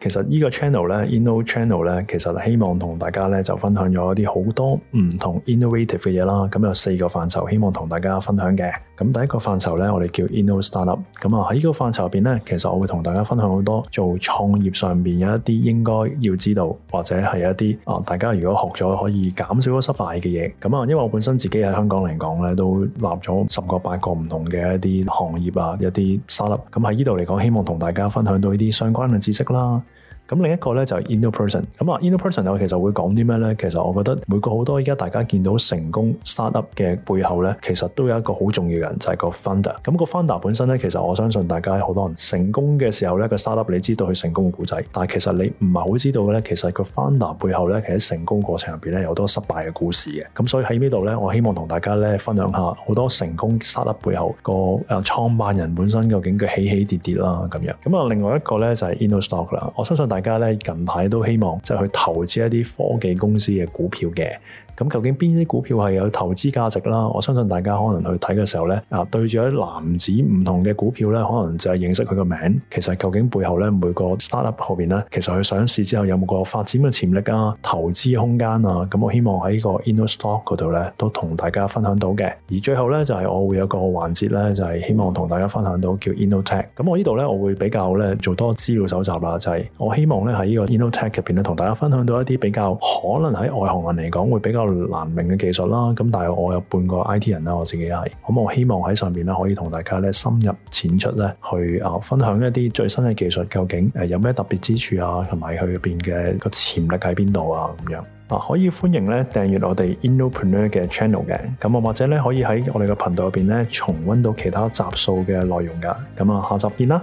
其實呢個頻道呢，Inno Channel 呢，其實希望同大家呢就分享咗一啲好多唔同 innovative 嘅嘢啦。咁有四個範疇，希望同大家分享嘅。咁第一個範疇呢，我哋叫 Inno Startup。咁啊喺呢個範疇入面呢，其實我會同大家分享好多做創業上面有一啲應該要知道，或者係一啲啊大家如果學咗可以減少咗失敗嘅嘢。咁啊，因為我本身自己喺香港嚟講呢，都立咗十個八個唔同嘅一啲行業啊，一啲 Startup。咁喺呢度嚟講，希望同大家分享到呢啲相關嘅知識啦。咁另一個咧就係 InnoPerson 咁啊 InnoPerson 我其實會講啲咩咧？其實我覺得每個好多而家大家見到成功 startup 嘅背後咧，其實都有一個好重要嘅人，就係、是、個 founder。咁、那個 founder 本身咧，其實我相信大家好多人成功嘅時候咧，個 startup 你知道佢成功嘅故仔，但係其實你唔係好知道咧，其實個 founder 背後咧，其實成功過程入邊咧有好多失敗嘅故事嘅。咁所以喺呢度咧，我希望同大家咧分享下好多成功 startup 背後個誒、啊、創辦人本身究竟嘅起起跌跌啦咁樣咁啊，另外一個咧就係、是、InnoStock 啦。我相信大。大家咧近排都希望即係去投資一啲科技公司嘅股票嘅。咁究竟邊啲股票係有投資價值啦？我相信大家可能去睇嘅時候呢，啊對住啲男子唔同嘅股票呢，可能就係認識佢個名。其實究竟背後咧每個 startup 後面呢，呢其實佢上市之後有冇個發展嘅潛力啊、投資空間啊？咁我希望喺呢個 InnoStock 嗰度呢都同大家分享到嘅。而最後呢，就係、是、我會有個環節呢就係、是、希望同大家分享到叫 InnoTech。咁我呢度呢，我會比較呢做多資料搜集啦，就係、是、我希望、no、呢，喺呢個 InnoTech 入邊呢同大家分享到一啲比較可能喺外行人嚟講會比較難明嘅技術啦，咁但係我有半個 IT 人啦，我自己係，咁我希望喺上邊咧可以同大家咧深入淺出咧去啊分享一啲最新嘅技術，究竟誒有咩特別之處啊，同埋佢入邊嘅個潛力喺邊度啊咁樣啊，可以歡迎咧訂閱我哋 Innopreneur 嘅 channel 嘅，咁啊或者咧可以喺我哋嘅頻道入邊咧重温到其他集數嘅內容噶，咁啊下集見啦。